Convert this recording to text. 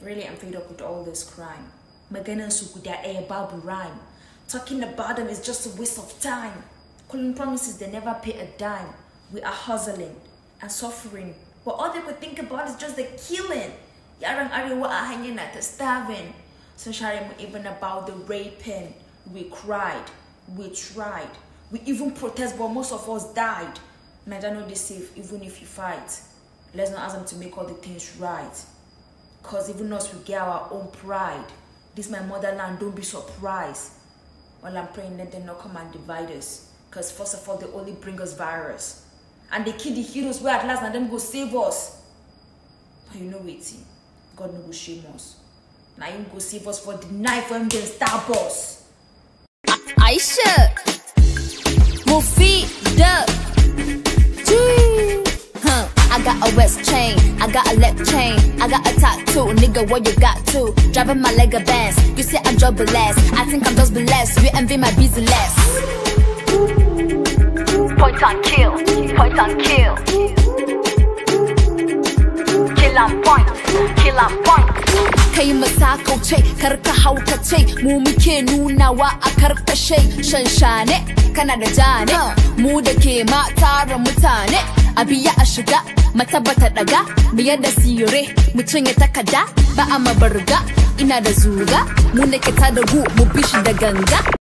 Really, I'm fed up with all this crime. Maganan sukuda e eh, babu rhyme. Talking about them is just a waste of time. Calling promises they never pay a dime. We are hustling and suffering. But all they could think about is just the killing. Yaran arewa are hanging at the starving. So Sharim even about the raping. We cried. We tried. We even protest, but most of us died. Madano deceive even if you fight. Let's not ask them to make all the things right. Because even us, we get our own pride. This my motherland, don't be surprised. While I'm praying, let them not come and divide us. Because first of all, they only bring us virus. And they kill the heroes where at last and them go save us. But you know it. God no go shame us. Now him go save us for the knife when they stab us. Aisha. Mufi. got a west chain, I got a left chain, I got a tattoo, nigga, what you got to? Driving my leg a Benz, you say I'm jobless, I think I'm just blessed, you envy my business. Point on kill, point on kill. Kill a point, kill a point. kai masa kauce kar ka haukace mu muke nunawa a karkashe shanshane kana da jane uh. mu da ke ma tara mutane Abia biya mataba ta daga miya da siyure mutum ya takada ba a mabarga ina da zuga mu ke ta da gu mu bishi da ganga